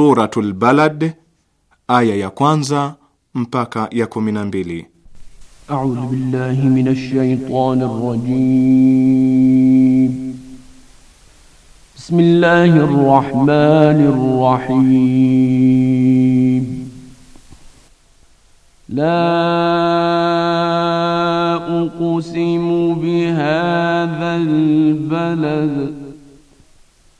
Suratul Balad aya ya kwanza mpaka ya 12. A'udhu billahi minash shaitani rrajim. Bismillahir rahmanir rahim. La uqsimu bihadha albalad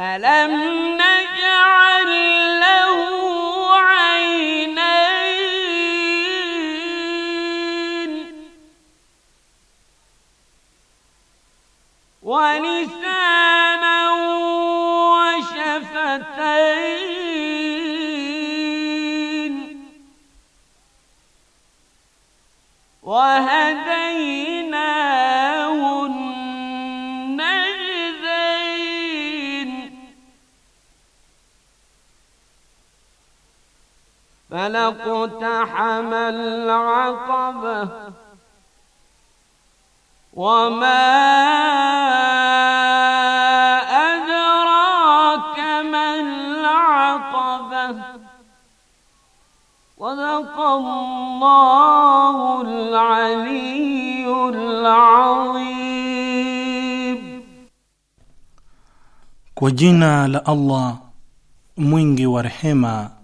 ألم فلا اقتحم العقبة وما أدراك ما العقبة صدق الله العلي العظيم kwa لألله la ورحمه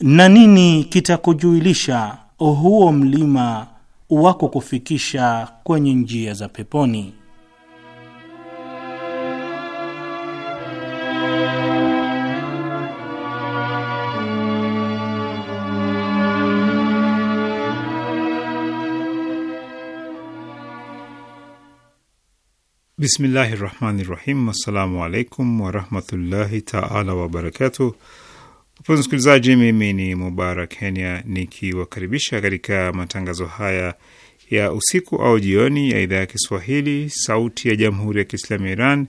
na nini kitakujuilisha huo mlima wako kufikisha kwenye njia za peponi? Bismillahi rahmani rahim. Assalamu alaikum warahmatullahi taala wabarakatuh. Mpenzi msikilizaji, mimi ni Mubarak Kenya nikiwakaribisha katika matangazo haya ya usiku au jioni ya idhaa ya Kiswahili sauti ya Jamhuri ya Kiislamu ya Iran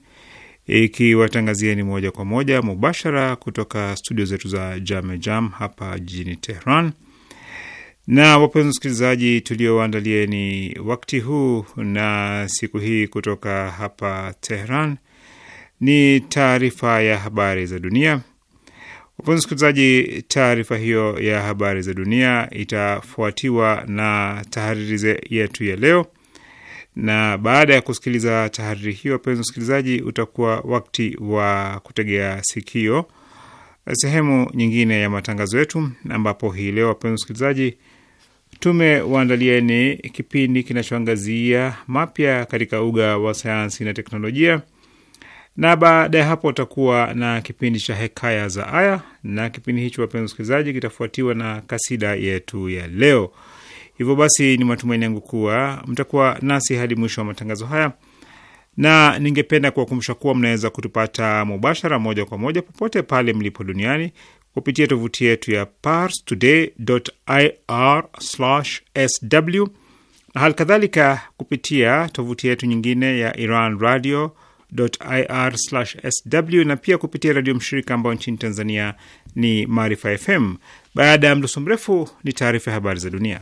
ikiwatangazieni moja kwa moja mubashara kutoka studio zetu za Jame Jam hapa jijini Tehran. Na wapenzi msikilizaji tulioandalieni wakti huu na siku hii kutoka hapa Tehran ni taarifa ya habari za dunia Wapenzi msikilizaji, taarifa hiyo ya habari za dunia itafuatiwa na tahariri yetu ya leo, na baada ya kusikiliza tahariri hiyo, wapenzi msikilizaji, utakuwa wakati wa kutegea sikio sehemu nyingine ya matangazo yetu, ambapo hii leo, wapenzi msikilizaji, tumewaandalieni kipindi kinachoangazia mapya katika uga wa sayansi na teknolojia na baada ya hapo utakuwa na kipindi cha Hekaya za Aya, na kipindi hicho, wapenzi wasikilizaji, kitafuatiwa na kasida yetu ya leo. Hivyo basi, ni matumaini yangu kuwa mtakuwa nasi hadi mwisho wa matangazo haya, na ningependa kuwakumbusha kuwa mnaweza kutupata mubashara, moja kwa moja, popote pale mlipo duniani kupitia tovuti yetu ya parstoday.ir/sw na hali kadhalika kupitia tovuti yetu nyingine ya Iran Radio ir na pia kupitia redio mshirika ambao nchini Tanzania ni Maarifa FM. Baada ya mdoso mrefu ni taarifa ya habari za dunia.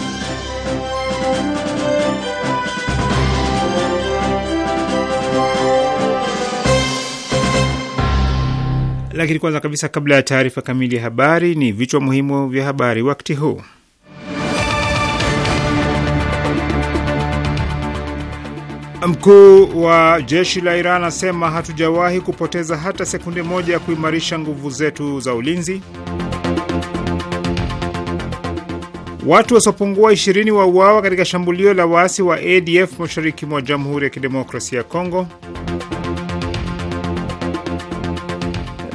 Lakini kwanza kabisa, kabla ya taarifa kamili ya habari, ni vichwa muhimu vya habari wakati huu. Mkuu wa jeshi la Iran anasema hatujawahi kupoteza hata sekunde moja ya kuimarisha nguvu zetu za ulinzi. Watu wasiopungua 20 wauawa katika shambulio la waasi wa ADF mashariki mwa Jamhuri ya Kidemokrasia ya Kongo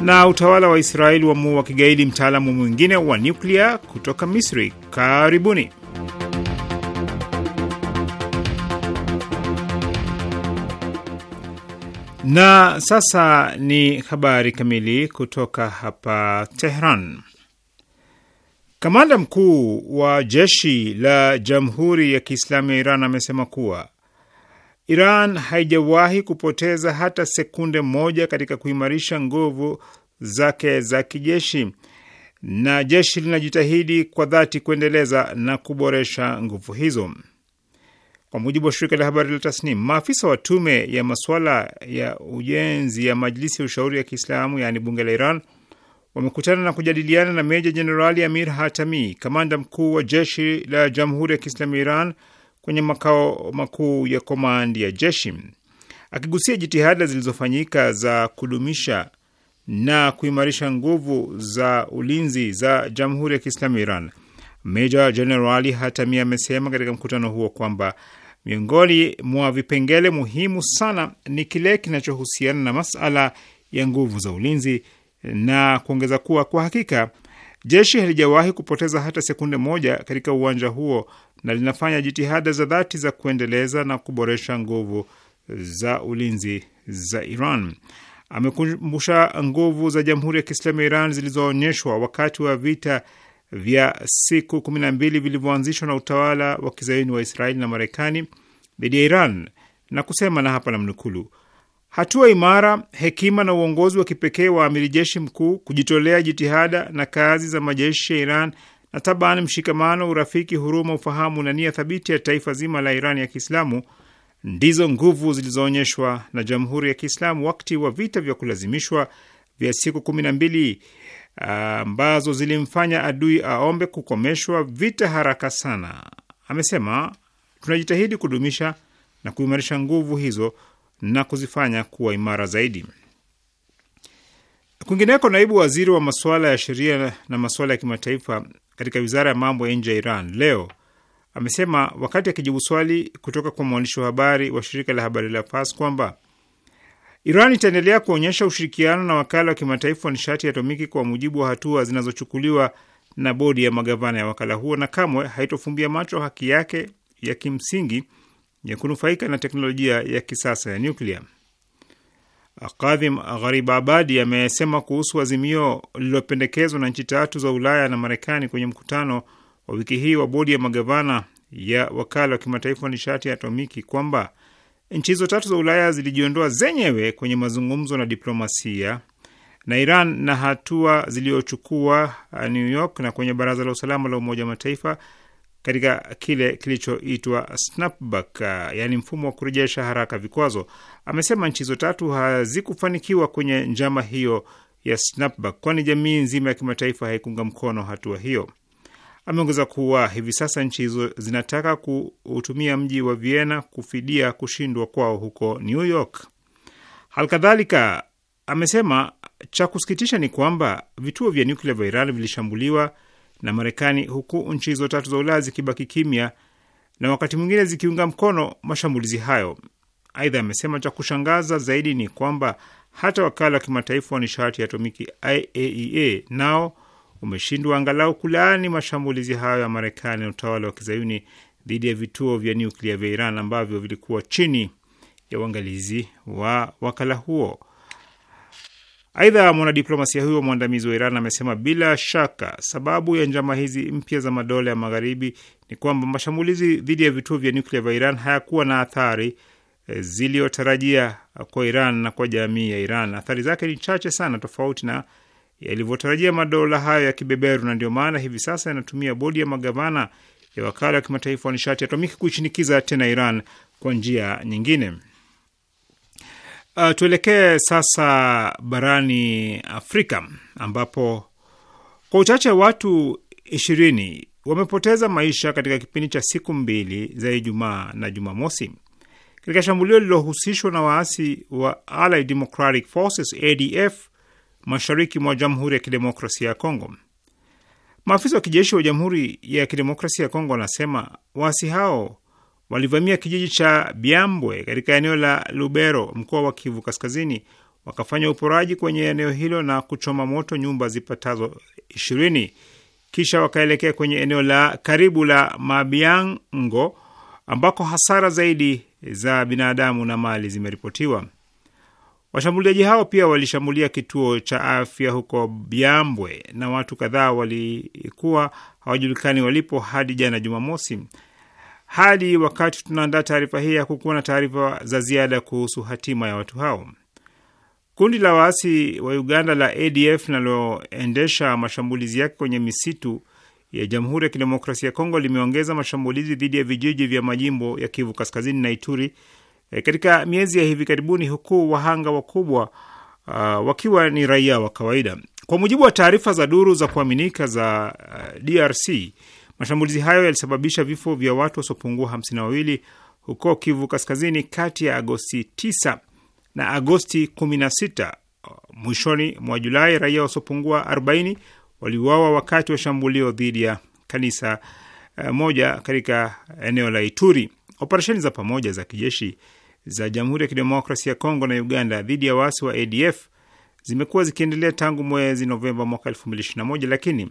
na utawala wa Israeli wamuua kigaidi mtaalamu mwingine wa nyuklia kutoka Misri. Karibuni. Na sasa ni habari kamili kutoka hapa Tehran. Kamanda mkuu wa jeshi la Jamhuri ya Kiislamu ya Iran amesema kuwa Iran haijawahi kupoteza hata sekunde moja katika kuimarisha nguvu zake za kijeshi na jeshi linajitahidi kwa dhati kuendeleza na kuboresha nguvu hizo. Kwa mujibu wa shirika la habari la Tasnim, maafisa wa tume ya masuala ya ujenzi ya Majlisi ya Ushauri ya Kiislamu, yaani bunge la Iran, wamekutana na kujadiliana na Meja Jenerali Amir Hatami, kamanda mkuu wa jeshi la Jamhuri ya Kiislamu ya Iran, kwenye makao makuu ya komandi ya jeshi, akigusia jitihada zilizofanyika za kudumisha na kuimarisha nguvu za ulinzi za Jamhuri ya Kiislamu Iran. Meja Jenerali Hatami amesema katika mkutano huo kwamba miongoni mwa vipengele muhimu sana ni kile kinachohusiana na masala ya nguvu za ulinzi na kuongeza kuwa kwa hakika jeshi halijawahi kupoteza hata sekunde moja katika uwanja huo na linafanya jitihada za dhati za kuendeleza na kuboresha nguvu za ulinzi za Iran amekumbusha nguvu za Jamhuri ya Kiislamu ya Iran zilizoonyeshwa wakati wa vita vya siku kumi na mbili vilivyoanzishwa na utawala wa kizaini wa Israeli na Marekani dhidi ya Iran na kusema, na hapa namnukulu: hatua imara, hekima na uongozi wa kipekee wa amiri jeshi mkuu, kujitolea, jitihada na kazi za majeshi ya Iran na tabani, mshikamano, urafiki, huruma, ufahamu na nia thabiti ya taifa zima la Iran ya Kiislamu ndizo nguvu zilizoonyeshwa na Jamhuri ya Kiislamu wakati wa vita vya kulazimishwa vya siku kumi na mbili ambazo zilimfanya adui aombe kukomeshwa vita haraka sana. Amesema tunajitahidi kudumisha na kuimarisha nguvu hizo na kuzifanya kuwa imara zaidi. Kwingineko, naibu waziri wa masuala ya sheria na masuala ya kimataifa katika wizara ya mambo ya nje ya Iran leo amesema wakati akijibu swali kutoka kwa mwandishi wa habari wa shirika la habari la Fars kwamba Iran itaendelea kuonyesha ushirikiano na wakala wa kimataifa wa nishati ya atomiki kwa mujibu wa hatua zinazochukuliwa na bodi ya magavana ya wakala huo na kamwe haitofumbia macho haki yake ya kimsingi ya kunufaika na teknolojia ya kisasa ya nyuklia. Kadhim Gharibabadi amesema kuhusu azimio lililopendekezwa na nchi tatu za Ulaya na Marekani kwenye mkutano wa wiki hii wa bodi ya magavana ya wakala wa kimataifa wa nishati ya atomiki kwamba nchi hizo tatu za Ulaya zilijiondoa zenyewe kwenye mazungumzo na diplomasia na Iran na hatua ziliyochukua uh, New York na kwenye Baraza la Usalama la Umoja wa Mataifa katika kile kilichoitwa snapback, uh, yaani mfumo wa kurejesha haraka vikwazo. Amesema nchi hizo tatu hazikufanikiwa kwenye njama hiyo ya snapback, kwani jamii nzima ya kimataifa haikuunga mkono hatua hiyo. Ameongeza kuwa hivi sasa nchi hizo zinataka kuutumia mji wa Vienna kufidia kushindwa kwao huko New York. Halikadhalika amesema cha kusikitisha ni kwamba vituo vya nyuklia vya Iran vilishambuliwa na Marekani, huku nchi hizo tatu za Ulaya zikibaki kimya na wakati mwingine zikiunga mkono mashambulizi hayo. Aidha, amesema cha kushangaza zaidi ni kwamba hata wakala wa kimataifa wa nishati ya atomiki IAEA e nao umeshindwa angalau kulaani mashambulizi hayo ya Marekani na utawala wa kizayuni dhidi ya vituo vya nyuklia vya Iran ambavyo vilikuwa chini ya uangalizi wa wakala huo. Aidha, mwanadiplomasia huyo mwandamizi wa Iran amesema bila shaka sababu ya njama hizi mpya za madola ya magharibi ni kwamba mashambulizi dhidi ya vituo vya nyuklia vya Iran hayakuwa na athari e, ziliyotarajia kwa Iran na kwa jamii ya Iran. Athari zake ni chache sana, tofauti na yalivyotarajia madola hayo ya kibeberu, na ndio maana hivi sasa yanatumia bodi ya magavana ya wakala wa kimataifa wa nishati atomiki kuishinikiza tena Iran kwa njia nyingine. Uh, tuelekee sasa barani Afrika ambapo kwa uchache watu ishirini wamepoteza maisha katika kipindi cha siku mbili za Ijumaa na Jumamosi katika shambulio lililohusishwa na waasi wa Allied Democratic Forces ADF mashariki mwa Jamhuri ya Kidemokrasia ya Kongo. Maafisa wa kijeshi wa Jamhuri ya Kidemokrasia ya Kongo wanasema waasi hao walivamia kijiji cha Byambwe katika eneo la Lubero, mkoa wa Kivu Kaskazini, wakafanya uporaji kwenye eneo hilo na kuchoma moto nyumba zipatazo ishirini kisha wakaelekea kwenye eneo la karibu la Mabiango ambako hasara zaidi za binadamu na mali zimeripotiwa. Washambuliaji hao pia walishambulia kituo cha afya huko Byambwe na watu kadhaa walikuwa hawajulikani walipo hadi jana Jumamosi. Hadi wakati tunaandaa taarifa hii, hakukuwa na taarifa za ziada kuhusu hatima ya watu hao. Kundi la waasi wa Uganda la ADF linaloendesha mashambulizi yake kwenye misitu ya Jamhuri ya Kidemokrasia ya Kongo limeongeza mashambulizi dhidi ya vijiji vya majimbo ya Kivu Kaskazini na Ituri E, katika miezi ya hivi karibuni huku wahanga wakubwa uh, wakiwa ni raia wa kawaida. Kwa mujibu wa taarifa za duru za kuaminika za uh, DRC, mashambulizi hayo yalisababisha vifo vya watu wasiopungua hamsini na wawili huko Kivu Kaskazini kati ya Agosti 9 na Agosti 16. Mwishoni mwa Julai, raia wasiopungua 40 waliuawa wakati wa shambulio dhidi ya kanisa uh, moja katika eneo la Ituri. Operesheni za pamoja za kijeshi za Jamhuri ya Kidemokrasia ya Kongo na Uganda dhidi ya waasi wa ADF zimekuwa zikiendelea tangu mwezi Novemba mwaka 2021 lakini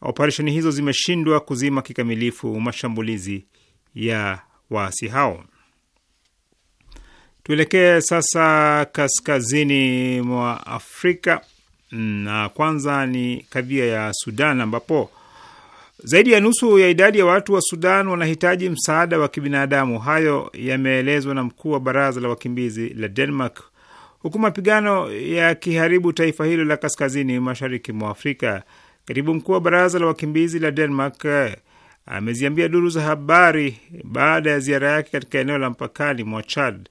operesheni hizo zimeshindwa kuzima kikamilifu mashambulizi ya waasi hao. Tuelekee sasa kaskazini mwa Afrika na kwanza ni kadhia ya Sudan ambapo zaidi ya nusu ya idadi ya watu wa Sudan wanahitaji msaada wa kibinadamu. Hayo yameelezwa na mkuu wa baraza la wakimbizi la Denmark, huku mapigano yakiharibu taifa hilo la kaskazini mashariki mwa Afrika. Katibu mkuu wa baraza la wakimbizi la Denmark eh, ameziambia duru za habari baada ya ziara yake katika eneo la mpakani mwa Chad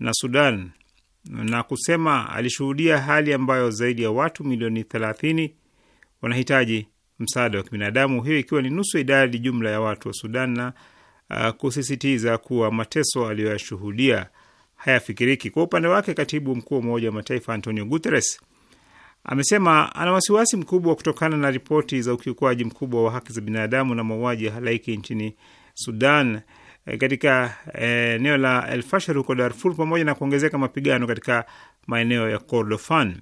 na Sudan na kusema alishuhudia hali ambayo zaidi ya watu milioni 30 wanahitaji msaada wa kibinadamu, hiyo ikiwa ni nusu idadi jumla ya watu wa Sudan na uh, kusisitiza kuwa mateso aliyoyashuhudia hayafikiriki. Kwa upande wake, katibu mkuu wa Umoja wa Mataifa Antonio Guterres amesema ana wasiwasi mkubwa kutokana na ripoti za ukiukwaji mkubwa wa haki za binadamu na mauaji ya halaiki nchini Sudan eh, katika eh, eneo la El Fasher huko Darfur, pamoja na kuongezeka mapigano katika maeneo ya Kordofan.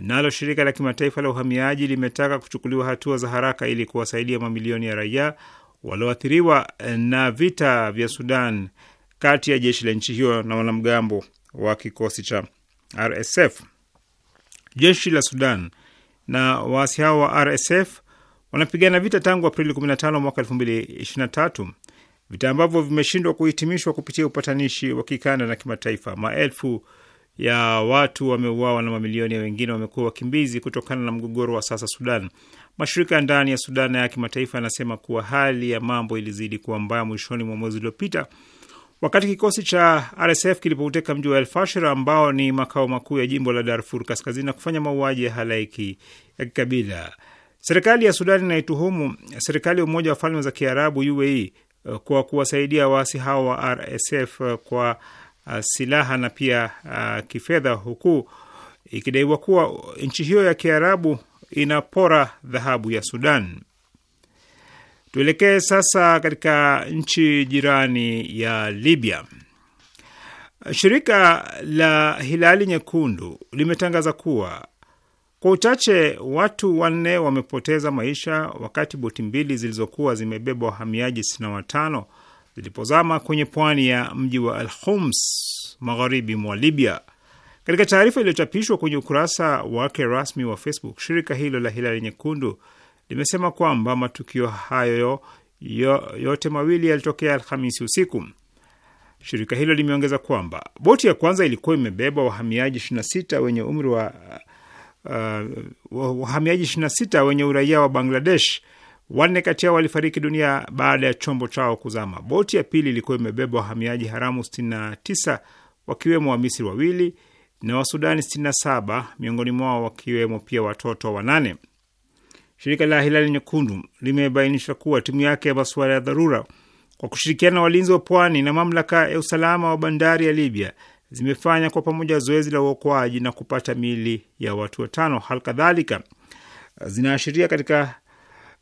Nalo shirika la kimataifa la uhamiaji limetaka kuchukuliwa hatua za haraka ili kuwasaidia mamilioni ya raia walioathiriwa na vita vya Sudan kati ya jeshi la nchi hiyo na wanamgambo wa kikosi cha RSF. Jeshi la Sudan na waasi hao wa RSF wanapigana vita tangu Aprili 15 mwaka 2023, vita ambavyo vimeshindwa kuhitimishwa kupitia upatanishi wa kikanda na kimataifa. Maelfu ya watu wameuawa na mamilioni ya wengine wamekuwa wakimbizi kutokana na mgogoro wa sasa Sudan. Mashirika ya ndani ya Sudan na ya kimataifa yanasema kuwa hali ya mambo ilizidi kuwa mbaya mwishoni mwa mwezi uliopita wakati kikosi cha RSF kilipouteka mji wa El Fasher ambao ni makao makuu ya jimbo la Darfur kaskazini na kufanya mauaji ya halaiki ya kikabila. Serikali ya Sudan inaituhumu serikali ya Umoja wa Falme za Kiarabu UAE kwa kuwasaidia waasi hao wa RSF eh, kwa uh, silaha na pia uh, kifedha, huku ikidaiwa kuwa nchi hiyo ya Kiarabu inapora dhahabu ya Sudan. Tuelekee sasa katika nchi jirani ya Libya. Shirika la Hilali Nyekundu limetangaza kuwa kwa uchache watu wanne wamepoteza maisha wakati boti mbili zilizokuwa zimebeba wahamiaji 65 zilipozama kwenye pwani ya mji wa Al Homs magharibi mwa Libya. Katika taarifa iliyochapishwa kwenye ukurasa wake rasmi wa Facebook, shirika hilo la Hilali Nyekundu limesema kwamba matukio hayo yo, yote mawili yalitokea Alhamisi usiku. Shirika hilo limeongeza kwamba boti ya kwanza ilikuwa imebeba wahamiaji 26 wenye umri wa uh, uh wahamiaji 26 wenye uraia wa Bangladesh Wanne kati yao walifariki dunia baada ya chombo chao kuzama. Boti ya pili ilikuwa imebeba wahamiaji haramu 69 wakiwemo Wamisri wawili na Wasudani 67 miongoni mwao wakiwemo pia watoto wanane. Shirika la Hilali Nyekundu limebainisha kuwa timu yake ya masuala ya dharura kwa kushirikiana na walinzi wa pwani na mamlaka ya usalama wa bandari ya Libya zimefanya kwa pamoja zoezi la uokoaji na kupata miili ya watu watano. Hali kadhalika zinaashiria katika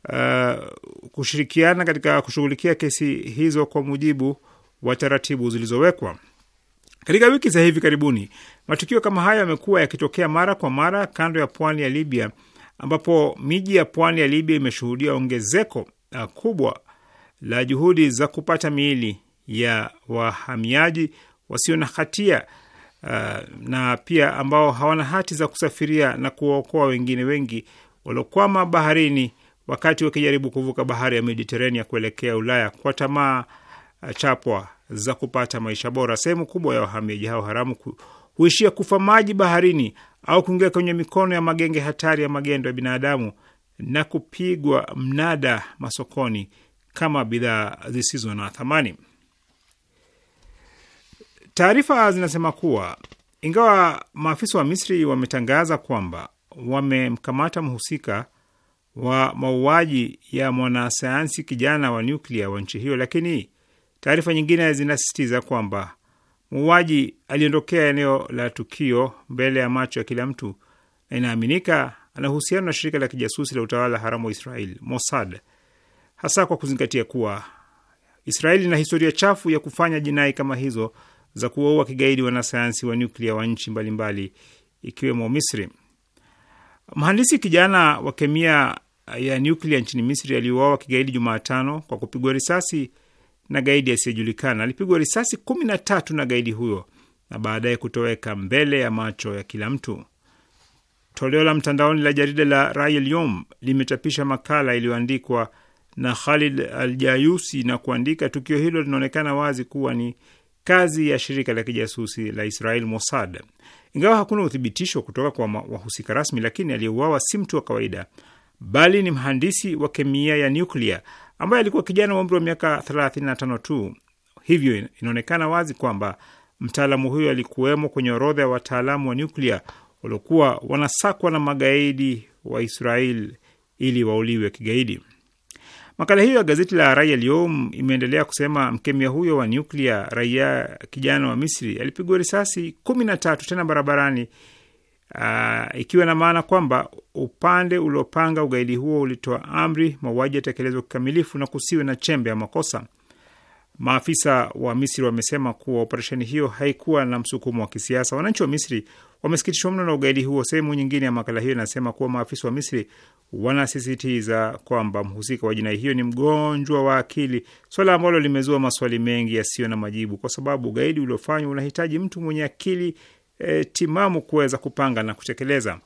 uh, kushirikiana katika kushughulikia kesi hizo kwa mujibu wa taratibu zilizowekwa. Katika wiki za hivi karibuni, matukio kama hayo yamekuwa yakitokea mara kwa mara kando ya pwani ya Libya, ambapo miji ya pwani ya Libya imeshuhudia ongezeko uh, kubwa la juhudi za kupata miili ya wahamiaji wasio na hatia uh, na pia ambao hawana hati za kusafiria na kuwaokoa wengine wengi waliokwama baharini wakati wakijaribu kuvuka bahari ya Mediterania kuelekea Ulaya kwa tamaa eh, chapwa za kupata maisha bora. Sehemu kubwa ya wahamiaji hao haramu huishia kufa maji baharini au kuingia kwenye mikono ya magenge hatari ya magendo ya binadamu na kupigwa mnada masokoni kama bidhaa zisizo na thamani. Taarifa zinasema kuwa ingawa maafisa wa Misri wametangaza kwamba wamemkamata mhusika wa mauaji ya mwanasayansi kijana wa nyuklia wa nchi hiyo, lakini taarifa nyingine zinasisitiza kwamba muuaji aliondokea eneo la tukio mbele ya macho ya kila mtu na inaaminika ana uhusiano na shirika la kijasusi la utawala haramu wa Israel, Mossad, hasa kwa kuzingatia kuwa Israeli ina historia chafu ya kufanya jinai kama hizo za kuwaua kigaidi wanasayansi wa nyuklia wa nchi mbalimbali ikiwemo Misri. Mhandisi kijana wa kemia ya nyuklia nchini Misri aliuawa kigaidi Jumatano kwa kupigwa risasi na gaidi asiyejulikana. Alipigwa risasi kumi na tatu na gaidi huyo na baadaye kutoweka mbele ya macho ya kila mtu. Toleo la mtandaoni la jarida la Rai al-Yom limechapisha makala iliyoandikwa na Khalid jayusi na kuandika, tukio hilo linaonekana wazi kuwa ni kazi ya shirika la kijasusi la Israel Mossad. Ingawa hakuna uthibitisho kutoka kwa wahusika rasmi, lakini aliyeuawa si mtu wa kawaida bali ni mhandisi wa kemia ya nyuklia ambaye alikuwa kijana wa umri wa miaka 35 tu. Hivyo inaonekana wazi kwamba mtaalamu huyo alikuwemo kwenye orodha ya wataalamu wa nyuklia waliokuwa wanasakwa na magaidi wa Israel ili wauliwe kigaidi. Makala hiyo ya gazeti la Raia al imeendelea kusema mkemia huyo wa nyuklia, raia kijana wa Misri, alipigwa risasi kumi na tatu tena barabarani Uh, ikiwa na maana kwamba upande uliopanga ugaidi huo ulitoa amri mauaji yatekelezwe kikamilifu na kusiwe na chembe ya makosa. Maafisa wa Misri wamesema kuwa operesheni hiyo haikuwa na msukumo wa kisiasa. Wananchi wa Misri wamesikitishwa mno na ugaidi huo. Sehemu nyingine ya makala hiyo inasema kuwa maafisa wa Misri wanasisitiza kwamba mhusika wa jinai hiyo ni mgonjwa wa akili, swala ambalo limezua maswali mengi yasiyo na majibu, kwa sababu ugaidi uliofanywa unahitaji mtu mwenye akili e, timamu kuweza kupanga na kutekeleza.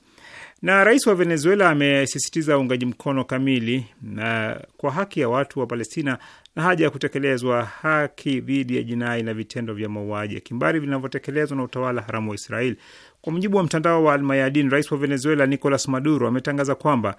Na rais wa Venezuela amesisitiza uungaji mkono kamili na kwa haki ya watu wa Palestina na haja ya kutekelezwa haki dhidi ya jinai na vitendo vya mauaji ya kimbari vinavyotekelezwa na utawala haramu wa Israeli. Kwa mujibu wa mtandao wa Almayadin, rais wa Venezuela Nicolas Maduro ametangaza kwamba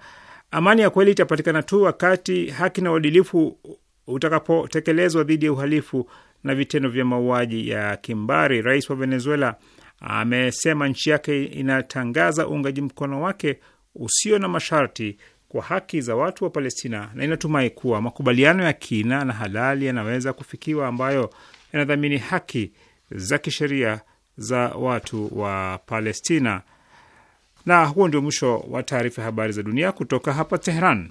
amani ya kweli itapatikana tu wakati haki na uadilifu utakapotekelezwa dhidi ya uhalifu na vitendo vya mauaji ya kimbari. Rais wa Venezuela amesema nchi yake inatangaza uungaji mkono wake usio na masharti kwa haki za watu wa Palestina na inatumai kuwa makubaliano ya kina na halali yanaweza kufikiwa ambayo yanadhamini haki za kisheria za watu wa Palestina. Na huo ndio mwisho wa taarifa ya habari za dunia kutoka hapa Tehran.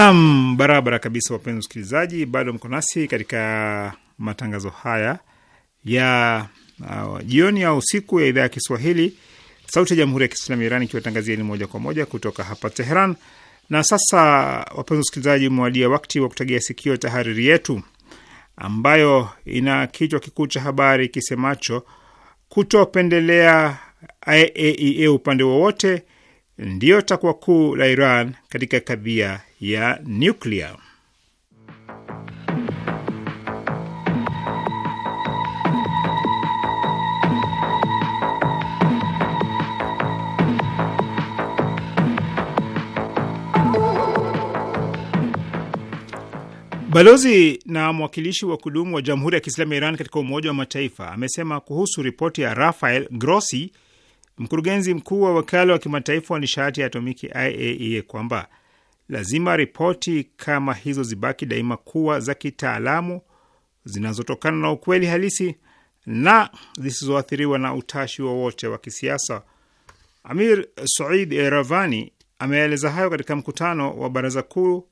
Nam barabara kabisa, wapenzi msikilizaji, bado mko nasi katika matangazo haya ya uh, jioni au usiku ya idhaa ya Kiswahili sauti ya jamhuri ya Kiislamu ya Iran ikiwatangazia ni moja kwa moja kutoka hapa Teheran. Na sasa, wapenzi msikilizaji, umewadia wakati wa kutegea sikio tahariri yetu ambayo ina kichwa kikuu cha habari kisemacho kutopendelea IAEA e e upande wowote ndiyo takwa kuu la Iran katika kadhia ya nyuklia. Balozi na mwakilishi wa kudumu wa Jamhuri ya Kiislamu ya Iran katika Umoja wa Mataifa amesema kuhusu ripoti ya Rafael Grossi mkurugenzi mkuu wa wakala wa kimataifa wa nishati ya atomiki IAEA e, kwamba lazima ripoti kama hizo zibaki daima kuwa za kitaalamu, zinazotokana na ukweli halisi na zisizoathiriwa na utashi wowote wa, wa kisiasa. Amir Said Eravani ameeleza hayo katika mkutano wa Baraza Kuu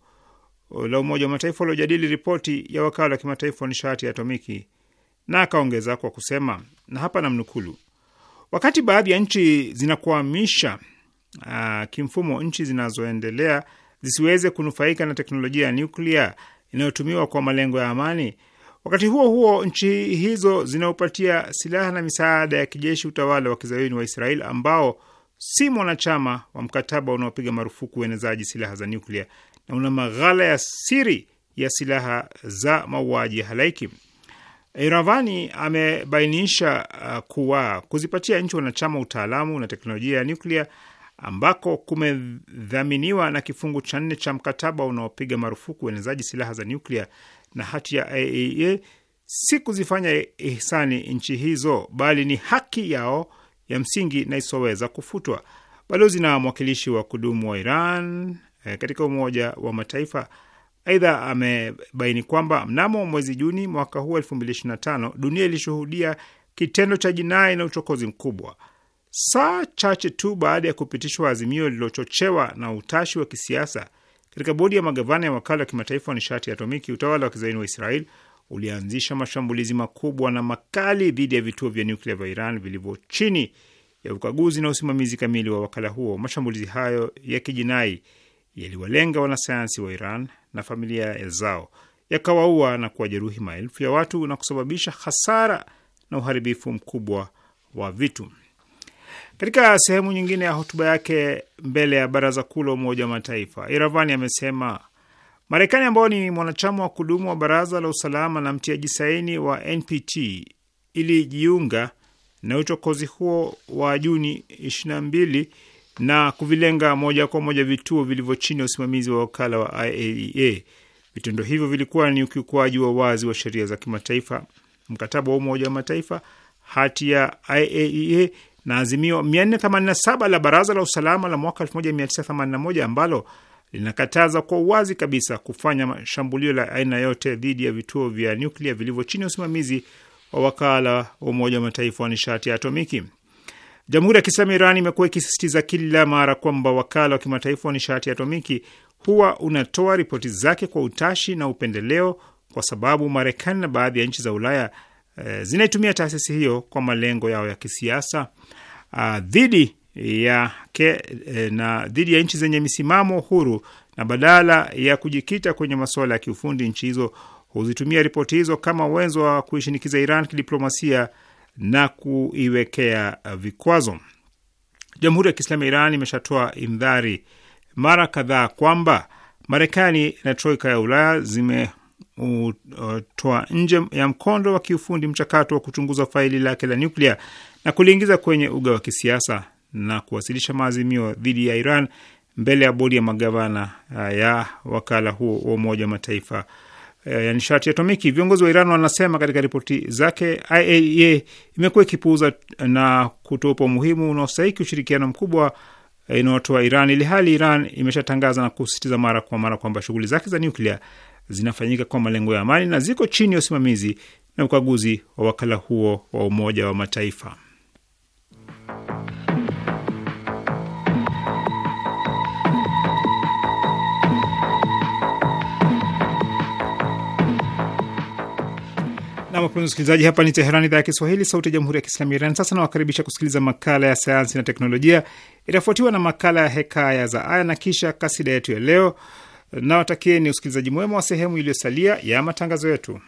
la Umoja wa Mataifa uliojadili ripoti ya wakala wa kimataifa wa nishati ya atomiki, na akaongeza kwa kusema, na hapa namnukulu Wakati baadhi ya nchi zinakwamisha uh, kimfumo nchi zinazoendelea zisiweze kunufaika na teknolojia ya nyuklia inayotumiwa kwa malengo ya amani. Wakati huo huo, nchi hizo zinaopatia silaha na misaada ya kijeshi utawala wa kizayuni wa Israeli ambao si mwanachama wa mkataba unaopiga marufuku uenezaji silaha za nyuklia na una maghala ya siri ya silaha za mauaji halaiki. Iravani amebainisha uh, kuwa kuzipatia nchi wanachama utaalamu na teknolojia ya nyuklia ambako kumedhaminiwa na kifungu cha nne cha mkataba unaopiga marufuku uenezaji silaha za nyuklia na hati ya IAEA e si kuzifanya ihsani nchi hizo, bali ni haki yao ya msingi na isoweza kufutwa. Balozi na mwakilishi wa kudumu wa Iran eh, katika Umoja wa Mataifa Aidha, amebaini kwamba mnamo mwezi Juni mwaka huu 2025 dunia ilishuhudia kitendo cha jinai na uchokozi mkubwa. Saa chache tu baada ya kupitishwa azimio lililochochewa na utashi wa kisiasa katika bodi ya magavana ya wakala wa kimataifa wa nishati ya atomiki, utawala wa kizaini wa Israel ulianzisha mashambulizi makubwa na makali dhidi ya vituo vya nyuklia vya Iran vilivyo chini ya ukaguzi na usimamizi kamili wa wakala huo. Mashambulizi hayo ya kijinai yaliwalenga wanasayansi wa Iran na familia zao, yakawaua na kuwajeruhi maelfu ya watu na kusababisha hasara na uharibifu mkubwa wa vitu. Katika sehemu nyingine ya hotuba yake mbele ya Baraza Kuu la Umoja wa Mataifa, Iravani amesema Marekani ambao ni mwanachama wa kudumu wa Baraza la Usalama na mtiaji saini wa NPT ilijiunga na uchokozi huo wa Juni 22 na kuvilenga moja kwa moja vituo vilivyo chini ya usimamizi wa wakala wa IAEA. E Vitendo hivyo vilikuwa ni ukiukwaji wa wazi wa sheria za kimataifa, mkataba wa Umoja wa Mataifa, hati ya IAEA e na azimio 487 la Baraza la Usalama la mwaka 1981 ambalo linakataza kwa uwazi kabisa kufanya shambulio la aina yote dhidi ya vituo vya nyuklia vilivyo chini ya usimamizi wa wakala wa Umoja wa Mataifa wa nishati ya atomiki. Jamhuri ya Kiislamu Iran imekuwa ikisisitiza kila mara kwamba wakala wa kimataifa wa nishati ya atomiki huwa unatoa ripoti zake kwa utashi na upendeleo, kwa sababu Marekani na baadhi ya nchi za Ulaya e, zinaitumia taasisi hiyo kwa malengo yao ya kisiasa ah, dhidi yake eh, na dhidi ya nchi zenye misimamo huru, na badala ya kujikita kwenye masuala ya kiufundi, nchi hizo huzitumia ripoti hizo kama wenzo wa kuishinikiza Iran kidiplomasia na kuiwekea vikwazo. Jamhuri ya Kiislamu ya Iran imeshatoa indhari mara kadhaa kwamba Marekani na troika ya Ulaya zimetoa nje ya mkondo wa kiufundi mchakato wa kuchunguza faili lake la nyuklia na kuliingiza kwenye uga wa kisiasa na kuwasilisha maazimio dhidi ya Iran mbele ya bodi ya magavana ya wakala huo wa Umoja wa Mataifa Eh, ya nishati ya atomiki. Viongozi wa Iran wanasema katika ripoti zake, IAEA e imekuwa ikipuuza na kutopa umuhimu unaostahiki ushirikiano mkubwa eh, inayotoa Iran, ili hali Iran imeshatangaza na kusisitiza mara kwa mara kwamba shughuli zake za nyuklia zinafanyika kwa malengo ya amani na ziko chini ya usimamizi na ukaguzi wa wakala huo wa Umoja wa Mataifa. Wapenzi msikilizaji, hapa ni Teherani, idhaa ya Kiswahili, sauti ya jamhuri ya kiislamu Iran. Sasa nawakaribisha kusikiliza makala ya sayansi na teknolojia, itafuatiwa na makala ya hekaya za aya na kisha kasida yetu ya leo. Nawatakieni usikilizaji mwema wa sehemu iliyosalia ya matangazo yetu.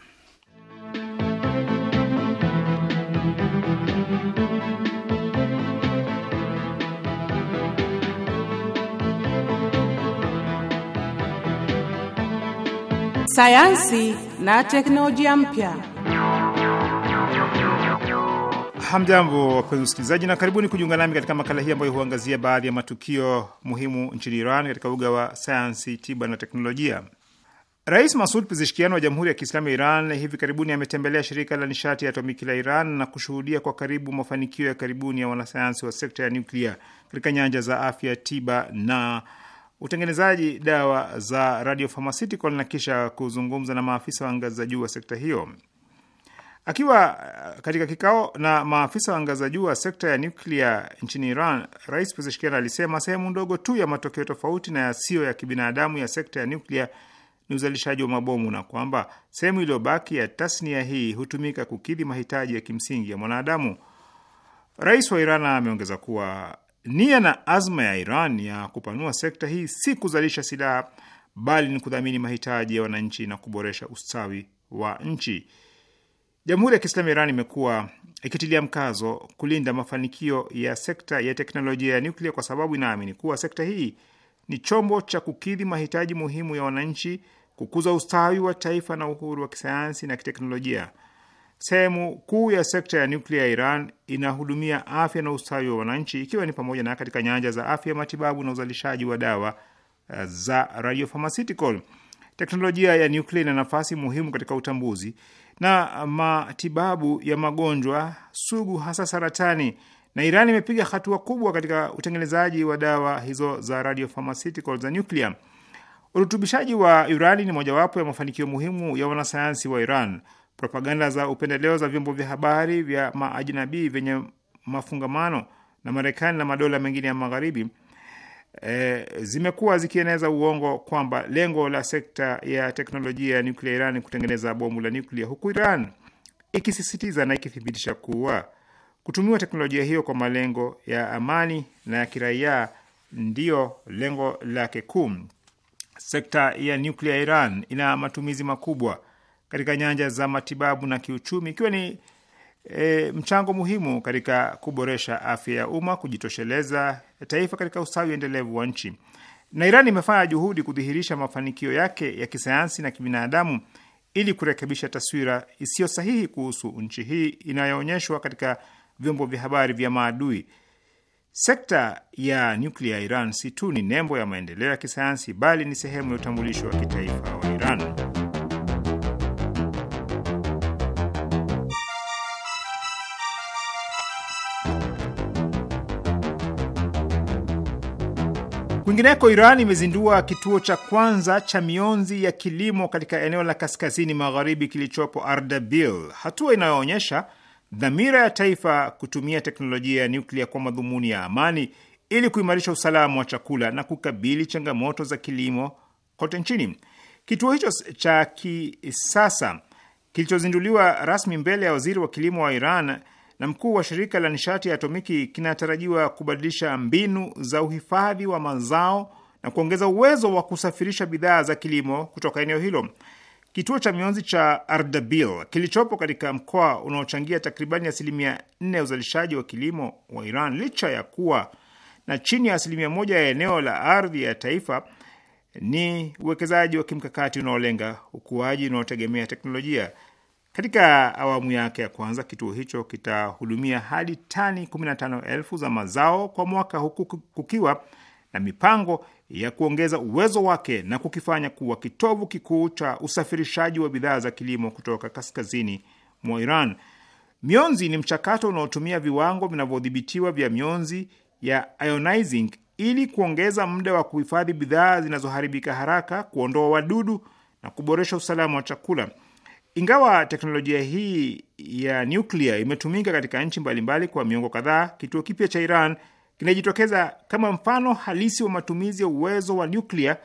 Sayansi na teknolojia mpya. Hamjambo, wapenzi usikilizaji, na karibuni kujiunga nami katika makala hii ambayo huangazia baadhi ya matukio muhimu nchini Iran katika uga wa sayansi, tiba na teknolojia. Rais Masud Pezeshkian wa Jamhuri ya Kiislamu ya Iran hivi karibuni ametembelea shirika la nishati ya atomiki la Iran na kushuhudia kwa karibu mafanikio ya karibuni ya wanasayansi wa sekta ya nyuklia katika nyanja za afya, tiba na utengenezaji dawa za radiofarmaceutical na kisha kuzungumza na maafisa wa ngazi za juu wa sekta hiyo. Akiwa uh, katika kikao na maafisa wa ngazi za juu wa sekta ya nyuklia nchini Iran, Rais Pezeshkian alisema sehemu ndogo tu ya matokeo tofauti na yasiyo ya kibinadamu ya sekta ya nyuklia ni uzalishaji wa mabomu na kwamba sehemu iliyobaki ya tasnia hii hutumika kukidhi mahitaji ya kimsingi ya mwanadamu. Rais wa Iran ameongeza kuwa nia na azma ya Iran ya kupanua sekta hii si kuzalisha silaha, bali ni kudhamini mahitaji ya wananchi na kuboresha ustawi wa nchi. Jamhuri ya Kiislamu ya Iran imekuwa ikitilia mkazo kulinda mafanikio ya sekta ya teknolojia ya nuklia kwa sababu inaamini kuwa sekta hii ni chombo cha kukidhi mahitaji muhimu ya wananchi, kukuza ustawi wa taifa na uhuru wa kisayansi na kiteknolojia. Sehemu kuu ya sekta ya nuklia ya Iran inahudumia afya na ustawi wa wananchi, ikiwa ni pamoja na katika nyanja za afya, matibabu na uzalishaji wa dawa eh, za radiopharmaceutical. Teknolojia ya nuklia ina nafasi muhimu katika utambuzi, na matibabu ya magonjwa sugu hasa saratani, na Iran imepiga hatua kubwa katika utengenezaji wa dawa hizo za radiopharmaceutical za nuclear. Urutubishaji wa urani ni mojawapo ya mafanikio muhimu ya wanasayansi wa Iran. Propaganda za upendeleo za vyombo vya habari vya maajinabii vyenye mafungamano na Marekani na madola mengine ya Magharibi e, zimekuwa zikieneza uongo kwamba lengo la sekta ya teknolojia ya nuklia Iran ni kutengeneza bomu la nuklia, huku Iran ikisisitiza na ikithibitisha kuwa kutumiwa teknolojia hiyo kwa malengo ya amani na ya kiraia ndiyo lengo lake kuu. Sekta ya nuklia Iran ina matumizi makubwa katika nyanja za matibabu na kiuchumi, ikiwa ni e, mchango muhimu katika kuboresha afya ya umma, kujitosheleza taifa katika ustawi endelevu wa nchi. Na Iran imefanya juhudi kudhihirisha mafanikio yake ya kisayansi na kibinadamu ili kurekebisha taswira isiyo sahihi kuhusu nchi hii inayoonyeshwa katika vyombo vya habari vya maadui. Sekta ya nyuklia ya Iran si tu ni nembo ya maendeleo ya kisayansi, bali ni sehemu ya utambulisho wa kitaifa wa Iran. Kwingineko, Iran imezindua kituo cha kwanza cha mionzi ya kilimo katika eneo la kaskazini magharibi kilichopo Ardabil, hatua inayoonyesha dhamira ya taifa kutumia teknolojia ya nyuklia kwa madhumuni ya amani ili kuimarisha usalama wa chakula na kukabili changamoto za kilimo kote nchini. Kituo hicho cha kisasa kilichozinduliwa rasmi mbele ya waziri wa kilimo wa Iran na mkuu wa shirika la nishati ya atomiki kinatarajiwa kubadilisha mbinu za uhifadhi wa mazao na kuongeza uwezo wa kusafirisha bidhaa za kilimo kutoka eneo hilo. Kituo cha mionzi cha Ardabil kilichopo katika mkoa unaochangia takribani asilimia nne ya uzalishaji wa kilimo wa Iran, licha ya kuwa na chini ya asilimia moja ya eneo la ardhi ya taifa, ni uwekezaji wa kimkakati unaolenga ukuaji unaotegemea teknolojia. Katika awamu yake ya kwanza, kituo hicho kitahudumia hadi tani 15,000 za mazao kwa mwaka, huku kukiwa na mipango ya kuongeza uwezo wake na kukifanya kuwa kitovu kikuu cha usafirishaji wa bidhaa za kilimo kutoka kaskazini mwa Iran. Mionzi ni mchakato unaotumia viwango vinavyodhibitiwa vya mionzi ya ionizing ili kuongeza muda wa kuhifadhi bidhaa zinazoharibika haraka, kuondoa wadudu na kuboresha usalama wa chakula. Ingawa teknolojia hii ya nyuklia imetumika katika nchi mbalimbali kwa miongo kadhaa, kituo kipya cha Iran kinajitokeza kama mfano halisi wa matumizi ya uwezo wa nyuklia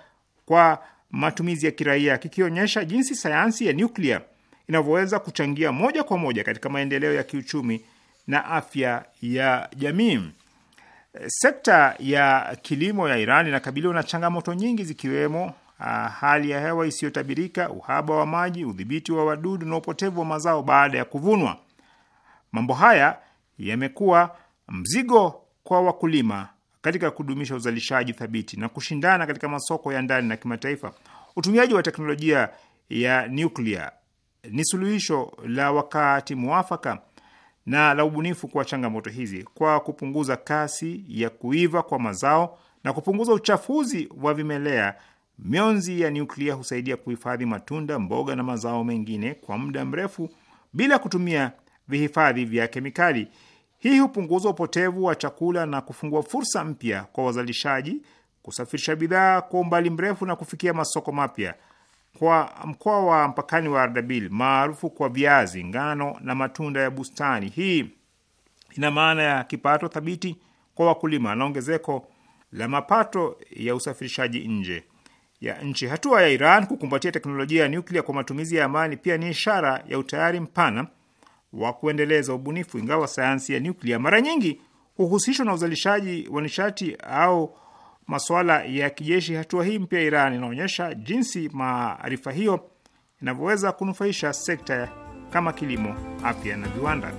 kwa matumizi ya kiraia, kikionyesha jinsi sayansi ya nyuklia inavyoweza kuchangia moja kwa moja katika maendeleo ya kiuchumi na afya ya jamii. Sekta ya kilimo ya Iran inakabiliwa na changamoto nyingi zikiwemo Ah, hali ya hewa isiyotabirika, uhaba wa maji, udhibiti wa wadudu na upotevu wa mazao baada ya kuvunwa. Mambo haya yamekuwa mzigo kwa wakulima katika kudumisha uzalishaji thabiti na kushindana katika masoko ya ndani na kimataifa. Utumiaji wa teknolojia ya nyuklia ni suluhisho la wakati muafaka na la ubunifu kwa changamoto hizi, kwa kupunguza kasi ya kuiva kwa mazao na kupunguza uchafuzi wa vimelea Mionzi ya nyuklia husaidia kuhifadhi matunda, mboga na mazao mengine kwa muda mrefu bila kutumia vihifadhi vya kemikali. Hii hupunguza upotevu wa chakula na kufungua fursa mpya kwa wazalishaji kusafirisha bidhaa kwa umbali mrefu na kufikia masoko mapya. Kwa mkoa wa mpakani wa Ardabil maarufu kwa viazi, ngano na matunda ya bustani, hii ina maana ya kipato thabiti kwa wakulima na ongezeko la mapato ya usafirishaji nje ya nchi. Hatua ya Iran kukumbatia teknolojia ya nyuklia kwa matumizi ya amani pia ni ishara ya utayari mpana wa kuendeleza ubunifu, ingawa sayansi ya nyuklia mara nyingi huhusishwa na uzalishaji wa nishati au masuala ya kijeshi. Hatua hii mpya Iran inaonyesha jinsi maarifa hiyo inavyoweza kunufaisha sekta kama kilimo, afya na viwanda.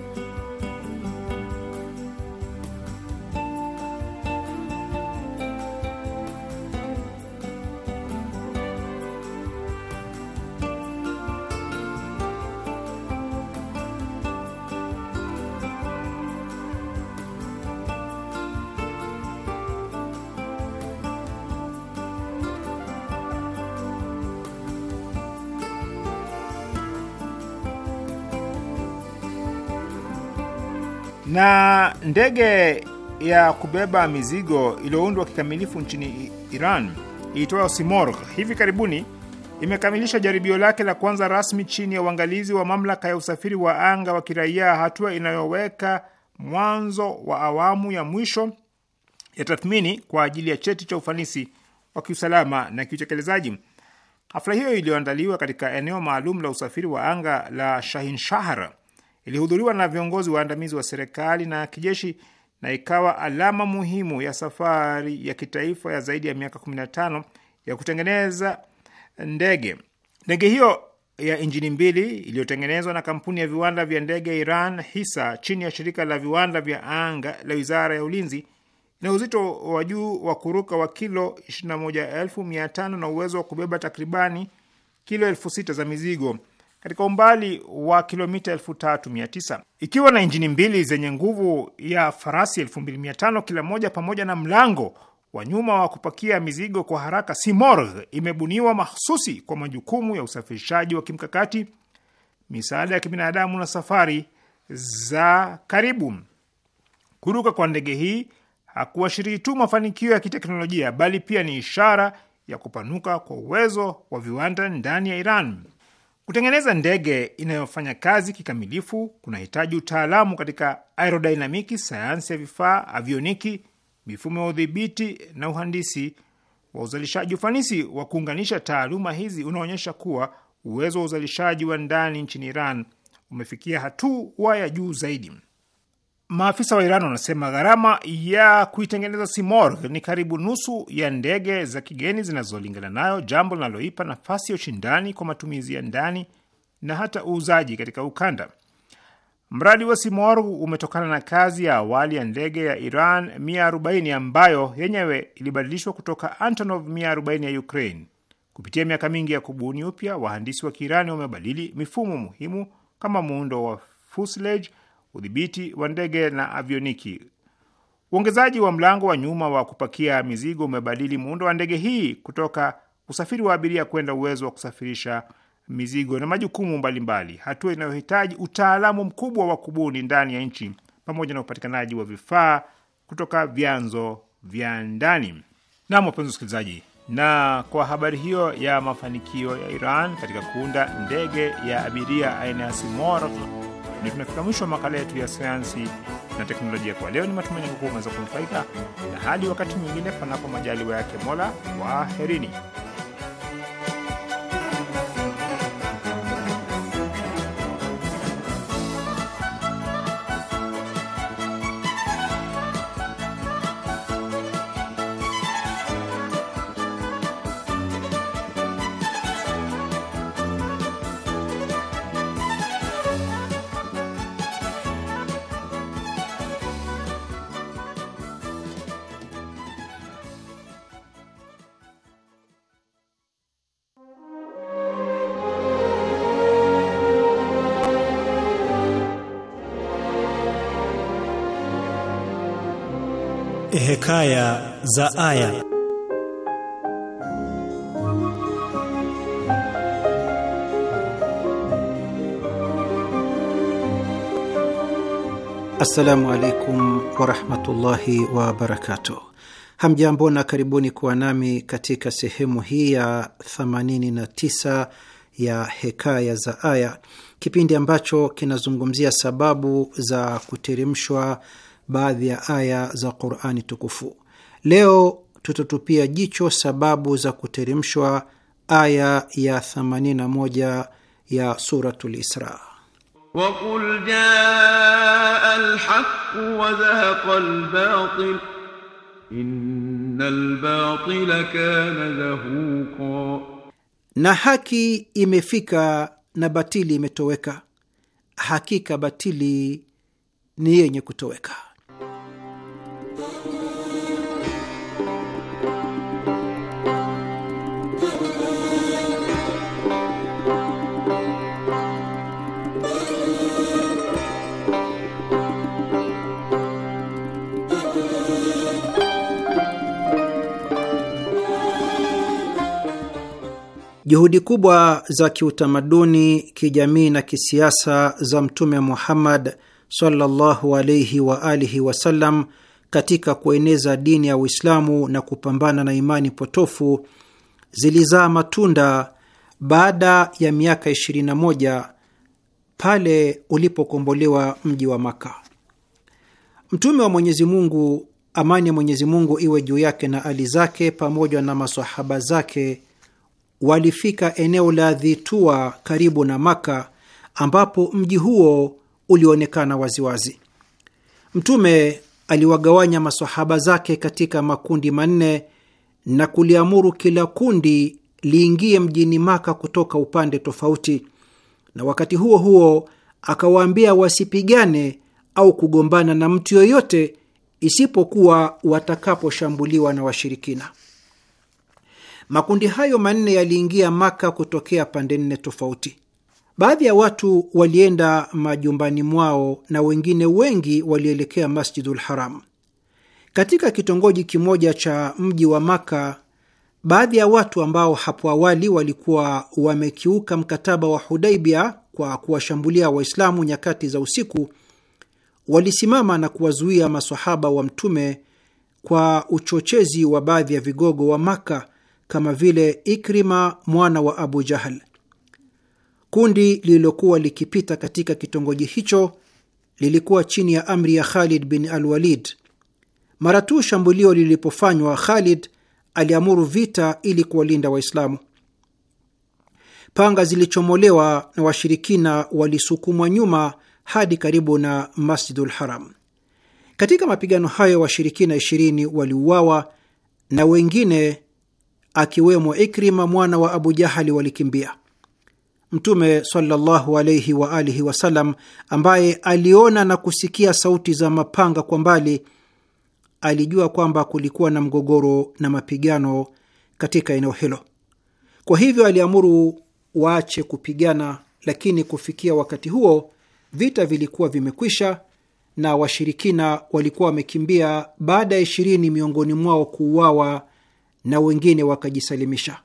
na ndege ya kubeba mizigo iliyoundwa kikamilifu nchini Iran iitwayo Simorgh hivi karibuni imekamilisha jaribio lake la kwanza rasmi chini ya uangalizi wa mamlaka ya usafiri wa anga wa kiraia, hatua inayoweka mwanzo wa awamu ya mwisho ya tathmini kwa ajili ya cheti cha ufanisi wa kiusalama na kiutekelezaji. Hafla hiyo iliyoandaliwa katika eneo maalum la usafiri wa anga la Shahin Shahar ilihudhuriwa na viongozi waandamizi wa serikali na kijeshi na ikawa alama muhimu ya safari ya kitaifa ya zaidi ya miaka 15 ya kutengeneza ndege. Ndege hiyo ya injini mbili iliyotengenezwa na kampuni ya viwanda vya ndege ya Iran Hisa chini ya shirika la viwanda vya anga la wizara ya ulinzi ina uzito wa juu wa kuruka wa kilo 21500 na uwezo wa kubeba takribani kilo elfu sita za mizigo katika umbali wa kilomita 3900 ikiwa na injini mbili zenye nguvu ya farasi 2500 kila moja pamoja na mlango wa nyuma wa kupakia mizigo kwa haraka. Simorgh imebuniwa mahsusi kwa majukumu ya usafirishaji wa kimkakati, misaada ya kibinadamu na safari za karibu. Kuruka kwa ndege hii hakuashirii tu mafanikio ya kiteknolojia, bali pia ni ishara ya kupanuka kwa uwezo wa viwanda ndani ya Iran. Kutengeneza ndege inayofanya kazi kikamilifu kunahitaji utaalamu katika aerodinamiki, sayansi ya vifaa, avioniki, mifumo ya udhibiti na uhandisi wa uzalishaji. Ufanisi wa kuunganisha taaluma hizi unaonyesha kuwa uwezo wa uzalishaji wa ndani nchini Iran umefikia hatua ya juu zaidi. Maafisa wa Iran wanasema gharama ya kuitengeneza Simorg ni karibu nusu ya ndege za kigeni zinazolingana nayo, jambo linaloipa nafasi ya ushindani kwa matumizi ya ndani na hata uuzaji katika ukanda. Mradi wa Simorg umetokana na kazi ya awali ya ndege ya Iran 140 ambayo yenyewe ilibadilishwa kutoka Antonov 140 ya Ukraine. Kupitia miaka mingi ya kubuni upya, wahandisi wa Kiirani wamebadili mifumo muhimu kama muundo wa fuselage udhibiti wa ndege na avioniki. Uongezaji wa mlango wa nyuma wa kupakia mizigo umebadili muundo wa ndege hii kutoka usafiri wa abiria kwenda uwezo wa kusafirisha mizigo na majukumu mbalimbali, hatua inayohitaji utaalamu mkubwa wa kubuni ndani ya nchi pamoja na upatikanaji wa vifaa kutoka vyanzo vya ndani. Nam, wapenzi wasikilizaji, na kwa habari hiyo ya mafanikio ya Iran katika kuunda ndege ya abiria aina ya Simorgh ndio tunafika mwisho wa makala yetu ya sayansi na teknolojia kwa leo. Ni matumaini yangu kuwa umeweza kunufaika, na hadi wakati mwingine, panapo majaliwa yake Mola, waherini. Hekaya za Aya. Assalamu alaikum warahmatullahi wabarakatuh. Hamjambo na karibuni kuwa nami katika sehemu hii ya 89 ya Hekaya za Aya, kipindi ambacho kinazungumzia sababu za kuteremshwa baadhi ya aya za Qurani tukufu. Leo tutatupia jicho sababu za kuteremshwa aya ya 81 ya Suratul Isra. Wakul jaa alhaqu albatil innal batila kana zahuqa, na haki imefika na batili imetoweka, hakika batili ni yenye kutoweka. Juhudi kubwa za kiutamaduni, kijamii na kisiasa za Mtume Muhammad sallallahu alaihi wa alihi wasallam katika kueneza dini ya Uislamu na kupambana na imani potofu zilizaa matunda baada ya miaka 21 pale ulipokombolewa mji wa Maka. Mtume wa Mwenyezi Mungu, amani ya Mwenyezi Mungu iwe juu yake na ali zake, pamoja na masahaba zake walifika eneo la Dhitua karibu na Maka, ambapo mji huo ulionekana waziwazi. Mtume aliwagawanya masahaba zake katika makundi manne na kuliamuru kila kundi liingie mjini Maka kutoka upande tofauti, na wakati huo huo akawaambia wasipigane au kugombana na mtu yoyote isipokuwa watakaposhambuliwa na washirikina. Makundi hayo manne yaliingia Maka kutokea pande nne tofauti. Baadhi ya watu walienda majumbani mwao na wengine wengi walielekea Masjidul Haram. Katika kitongoji kimoja cha mji wa Maka, baadhi ya watu ambao hapo awali walikuwa wamekiuka mkataba wa Hudaibia kwa kuwashambulia Waislamu nyakati za usiku walisimama na kuwazuia masahaba wa Mtume kwa uchochezi wa baadhi ya vigogo wa Maka kama vile Ikrima mwana wa Abu Jahal. Kundi lililokuwa likipita katika kitongoji hicho lilikuwa chini ya amri ya Khalid bin al-Walid. Mara tu shambulio lilipofanywa, Khalid aliamuru vita ili kuwalinda Waislamu. Panga zilichomolewa na washirikina walisukumwa nyuma hadi karibu na Masjidul Haram. Katika mapigano hayo washirikina ishirini waliuawa na wengine akiwemo Ikrima mwana wa Abu Jahali walikimbia. Mtume sallallahu alayhi wa alihi wasallam, ambaye aliona na kusikia sauti za mapanga kwa mbali, alijua kwamba kulikuwa na mgogoro na mapigano katika eneo hilo. Kwa hivyo aliamuru waache kupigana, lakini kufikia wakati huo vita vilikuwa vimekwisha na washirikina walikuwa wamekimbia baada ya ishirini miongoni mwao kuuawa na wengine wakajisalimisha.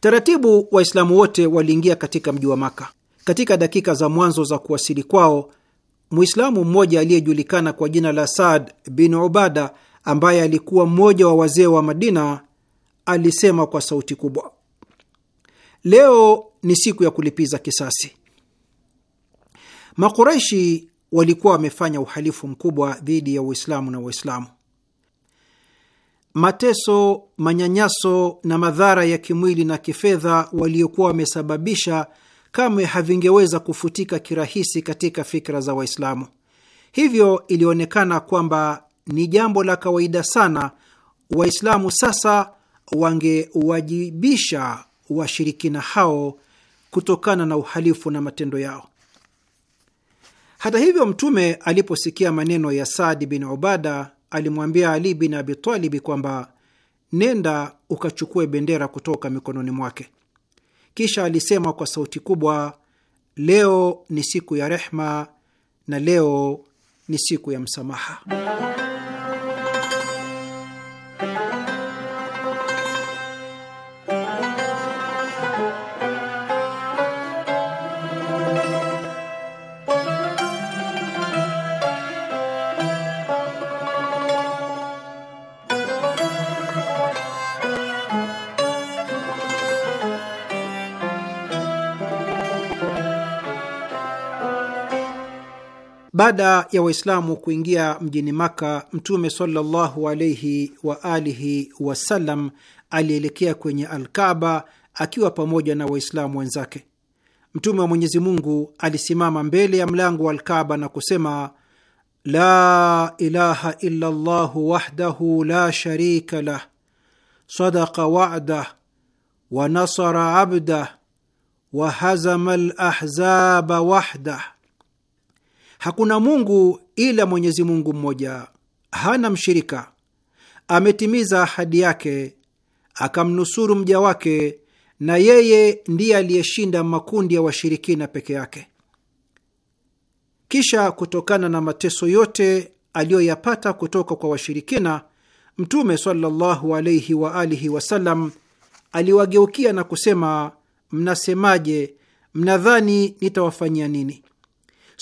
Taratibu Waislamu wote waliingia katika mji wa Maka. Katika dakika za mwanzo za kuwasili kwao, Mwislamu mmoja aliyejulikana kwa jina la Saad bin Ubada, ambaye alikuwa mmoja wa wazee wa Madina, alisema kwa sauti kubwa, leo ni siku ya kulipiza kisasi. Makuraishi walikuwa wamefanya uhalifu mkubwa dhidi ya Uislamu na Waislamu mateso, manyanyaso na madhara ya kimwili na kifedha waliokuwa wamesababisha kamwe havingeweza kufutika kirahisi katika fikra za Waislamu. Hivyo ilionekana kwamba ni jambo la kawaida sana Waislamu sasa wangewajibisha washirikina hao kutokana na uhalifu na matendo yao. Hata hivyo, Mtume aliposikia maneno ya Saadi bin Ubada alimwambia Ali bin Abi Talibi kwamba nenda ukachukue bendera kutoka mikononi mwake. Kisha alisema kwa sauti kubwa, leo ni siku ya rehma na leo ni siku ya msamaha. Baada ya Waislamu kuingia mjini Maka, Mtume sallallahu alaihi wa alihi wasallam alielekea kwenye Alkaba akiwa pamoja na Waislamu wenzake. Mtume wa Mwenyezi Mungu alisimama mbele ya mlango wa Alkaba na kusema la ilaha illa llahu wahdahu la sharika lah sadaka wa'dah wa nasara abdah wa hazama alahzaba wahdah Hakuna Mungu ila Mwenyezi Mungu mmoja, hana mshirika. Ametimiza ahadi yake, akamnusuru mja wake, na yeye ndiye aliyeshinda makundi ya washirikina peke yake. Kisha kutokana na mateso yote aliyoyapata kutoka kwa washirikina, Mtume sallallahu alaihi wa alihi wasallam aliwageukia na kusema, mnasemaje? Mnadhani nitawafanyia nini?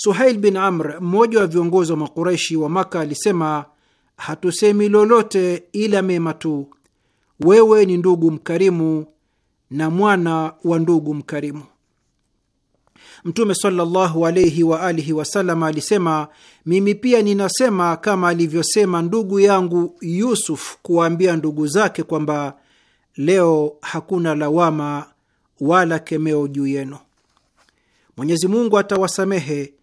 Suhail bin Amr, mmoja wa viongozi wa Makureshi wa Maka, alisema hatusemi lolote ila mema tu. Wewe ni ndugu mkarimu na mwana wa ndugu mkarimu. Mtume sallallahu alaihi wa alihi wasallam alisema, mimi pia ninasema kama alivyosema ndugu yangu Yusuf kuwaambia ndugu zake kwamba leo hakuna lawama wala kemeo juu yenu. Mwenyezi Mungu atawasamehe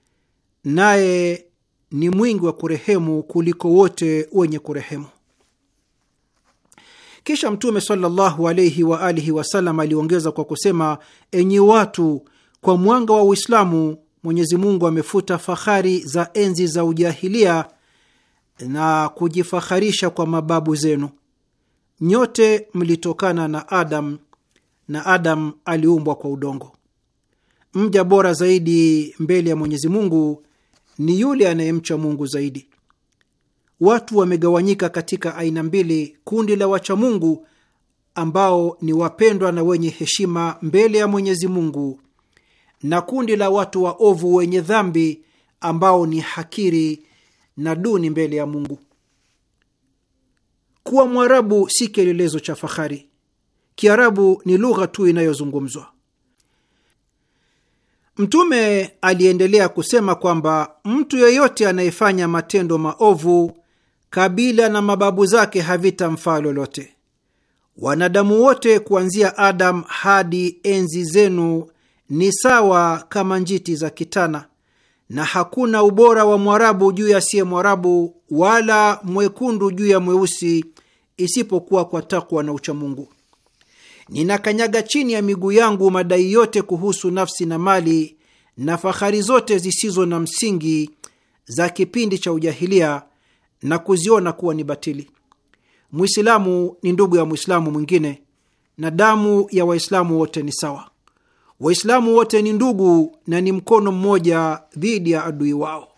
naye ni mwingi wa kurehemu kuliko wote wenye kurehemu. Kisha Mtume sallallahu alaihi wa alihi wasallam aliongeza kwa kusema, enyi watu, kwa mwanga wa Uislamu Mwenyezi Mungu amefuta fahari za enzi za ujahilia na kujifaharisha kwa mababu zenu. Nyote mlitokana na Adam na Adam aliumbwa kwa udongo. Mja bora zaidi mbele ya Mwenyezi Mungu ni yule anayemcha Mungu zaidi. Watu wamegawanyika katika aina mbili: kundi la wacha Mungu ambao ni wapendwa na wenye heshima mbele ya Mwenyezi Mungu, na kundi la watu waovu wenye dhambi ambao ni hakiri na duni mbele ya Mungu. Kuwa Mwarabu si kielelezo cha fahari. Kiarabu ni lugha tu inayozungumzwa. Mtume aliendelea kusema kwamba mtu yeyote anayefanya matendo maovu, kabila na mababu zake havitamfaa lolote. Wanadamu wote kuanzia adam hadi enzi zenu ni sawa kama njiti za kitana, na hakuna ubora wa Mwarabu juu ya siye Mwarabu, wala mwekundu juu ya mweusi, isipokuwa kwa takwa na uchamungu ninakanyaga chini ya miguu yangu madai yote kuhusu nafsi na mali na fahari zote zisizo na msingi za kipindi cha ujahilia na kuziona kuwa ni batili. Mwislamu ni ndugu ya mwislamu mwingine na damu ya Waislamu wote ni sawa. Waislamu wote ni ndugu na ni mkono mmoja dhidi ya adui wao.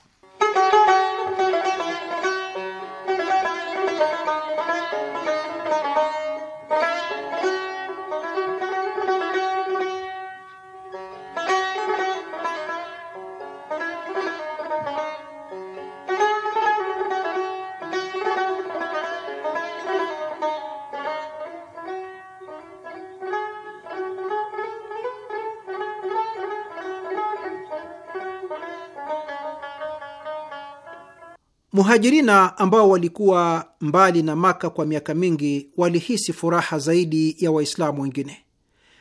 Muhajirina ambao walikuwa mbali na Maka kwa miaka mingi walihisi furaha zaidi ya Waislamu wengine.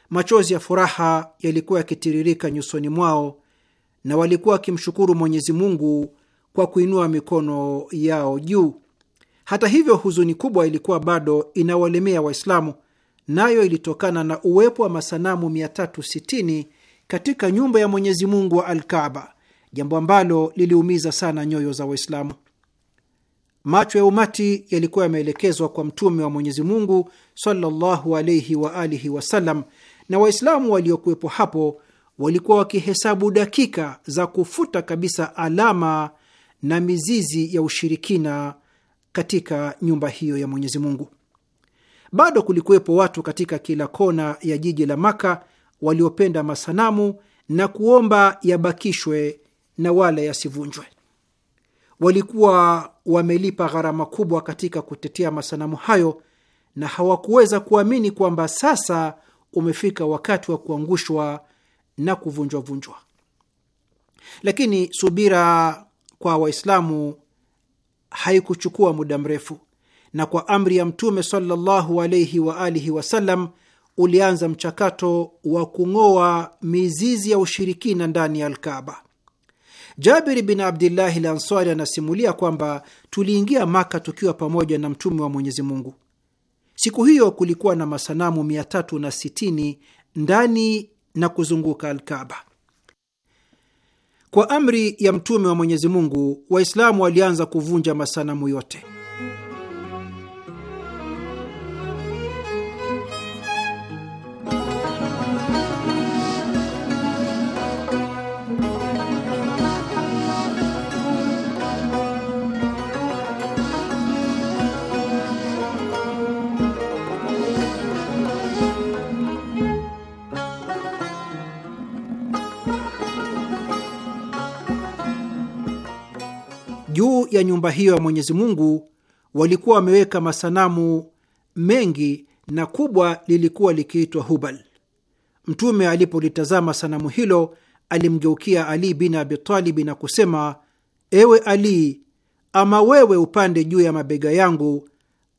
Machozi ya furaha yalikuwa yakitiririka nyusoni mwao na walikuwa wakimshukuru Mwenyezi Mungu kwa kuinua mikono yao juu. Hata hivyo, huzuni kubwa ilikuwa bado inawalemea Waislamu, nayo ilitokana na uwepo wa masanamu 360 katika nyumba ya Mwenyezi Mungu wa alkaba jambo ambalo liliumiza sana nyoyo za Waislamu. Macho ya umati yalikuwa yameelekezwa kwa Mtume wa Mwenyezi Mungu sallallahu wa alihi wasallam, na Waislamu waliokuwepo hapo walikuwa wakihesabu dakika za kufuta kabisa alama na mizizi ya ushirikina katika nyumba hiyo ya Mwenyezi Mungu. Bado kulikuwepo watu katika kila kona ya jiji la Maka waliopenda masanamu na kuomba yabakishwe na wala yasivunjwe walikuwa wamelipa gharama kubwa katika kutetea masanamu hayo na hawakuweza kuamini kwamba sasa umefika wakati wa kuangushwa na kuvunjwavunjwa. Lakini subira kwa Waislamu haikuchukua muda mrefu, na kwa amri ya Mtume sallallahu alaihi wa alihi wasallam ulianza mchakato wa kung'oa mizizi ya ushirikina ndani ya Alkaaba. Jabiri bin Abdillahi Lansari anasimulia kwamba tuliingia Maka tukiwa pamoja na Mtume wa Mwenyezi Mungu. Siku hiyo kulikuwa na masanamu 360 ndani na kuzunguka Alkaba. Kwa amri ya Mtume wa Mwenyezi Mungu, Waislamu walianza kuvunja masanamu yote. Juu ya nyumba hiyo ya Mwenyezi Mungu walikuwa wameweka masanamu mengi na kubwa lilikuwa likiitwa Hubal. Mtume alipolitazama sanamu hilo alimgeukia Ali bin Abi Talib na kusema, ewe Ali, ama wewe upande juu ya mabega yangu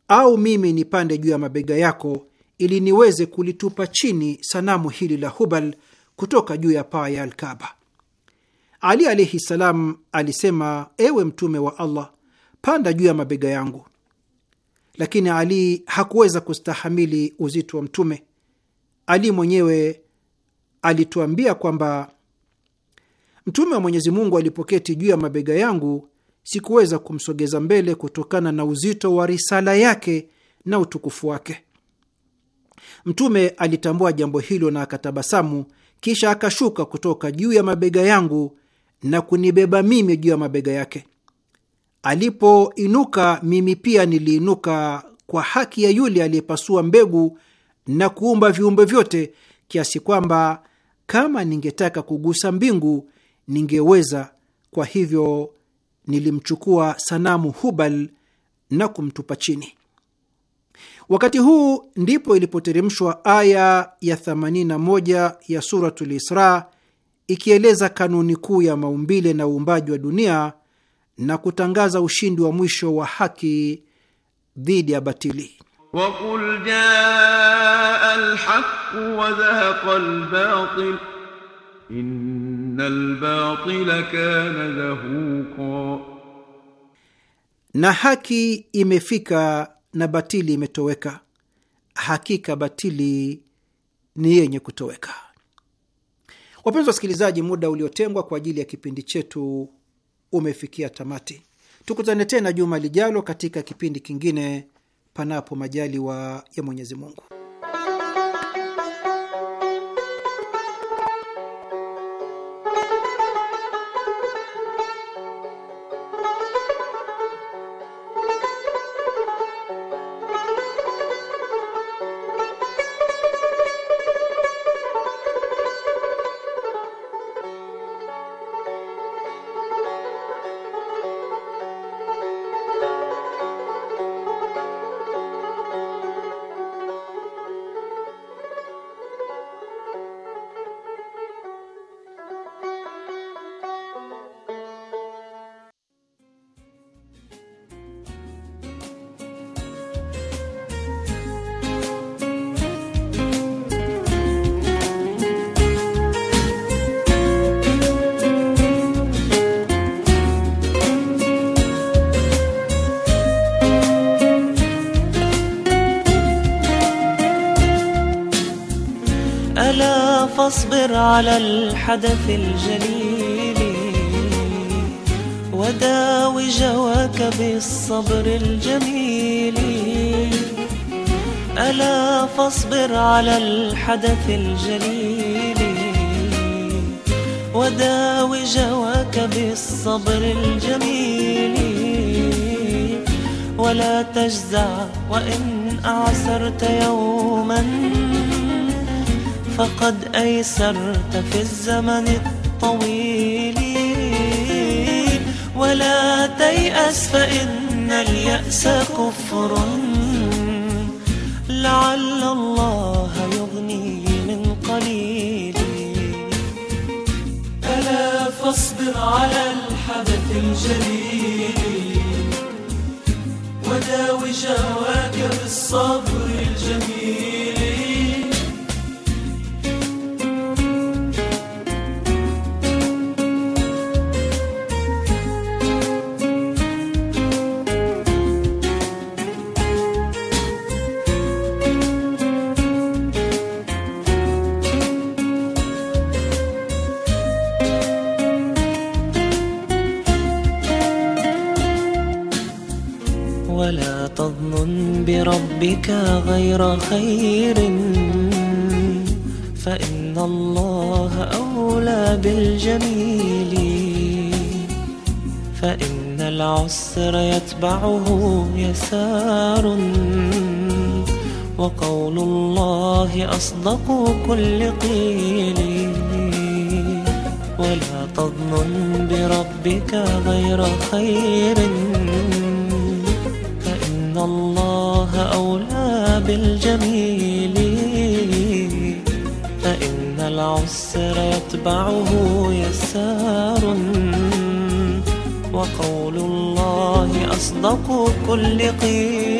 au mimi nipande juu ya mabega yako, ili niweze kulitupa chini sanamu hili la Hubal kutoka juu ya paa ya Alkaba. Ali alaihi ssalam alisema, ewe Mtume wa Allah, panda juu ya mabega yangu. Lakini Ali hakuweza kustahamili uzito wa Mtume. Ali mwenyewe alituambia kwamba Mtume wa Mwenyezi Mungu alipoketi juu ya mabega yangu, sikuweza kumsogeza mbele kutokana na uzito wa risala yake na utukufu wake. Mtume alitambua jambo hilo na akatabasamu, kisha akashuka kutoka juu ya mabega yangu na kunibeba mimi juu ya mabega yake. Alipoinuka mimi pia niliinuka kwa haki ya yule aliyepasua mbegu na kuumba viumbe vyote, kiasi kwamba kama ningetaka kugusa mbingu ningeweza. Kwa hivyo nilimchukua sanamu Hubal na kumtupa chini. Wakati huu ndipo ilipoteremshwa aya ya 81 ya Suratul ikieleza kanuni kuu ya maumbile na uumbaji wa dunia na kutangaza ushindi wa mwisho wa haki dhidi ya batili. Wakul jaa wa zahaqa albatil innal batila kana zahuqa, na haki imefika na batili imetoweka, hakika batili ni yenye kutoweka. Wapenzi wasikilizaji, muda uliotengwa kwa ajili ya kipindi chetu umefikia tamati. Tukutane tena juma lijalo katika kipindi kingine, panapo majaliwa ya Mwenyezi Mungu. أعثر على الحدث الجليل وداوي جواك بالصبر الجميل ألا فاصبر على الحدث الجليل وداوي جواك بالصبر الجميل ولا تجزع وإن أعسرت يوماً فقد أيسرت في الزمن الطويل ولا تيأس فإن اليأس كفر لعل الله يغني من قليل ألا فاصبر على الحدث الجليل وداوي شهواك بالصبر بك غير خير فإن الله أولى بالجميل فإن العسر يتبعه يسار وقول الله أصدق كل قيل ولا تظن بربك غير خير بالجميل فإن العسر يتبعه يسار وقول الله أصدق كل قيل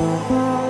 Música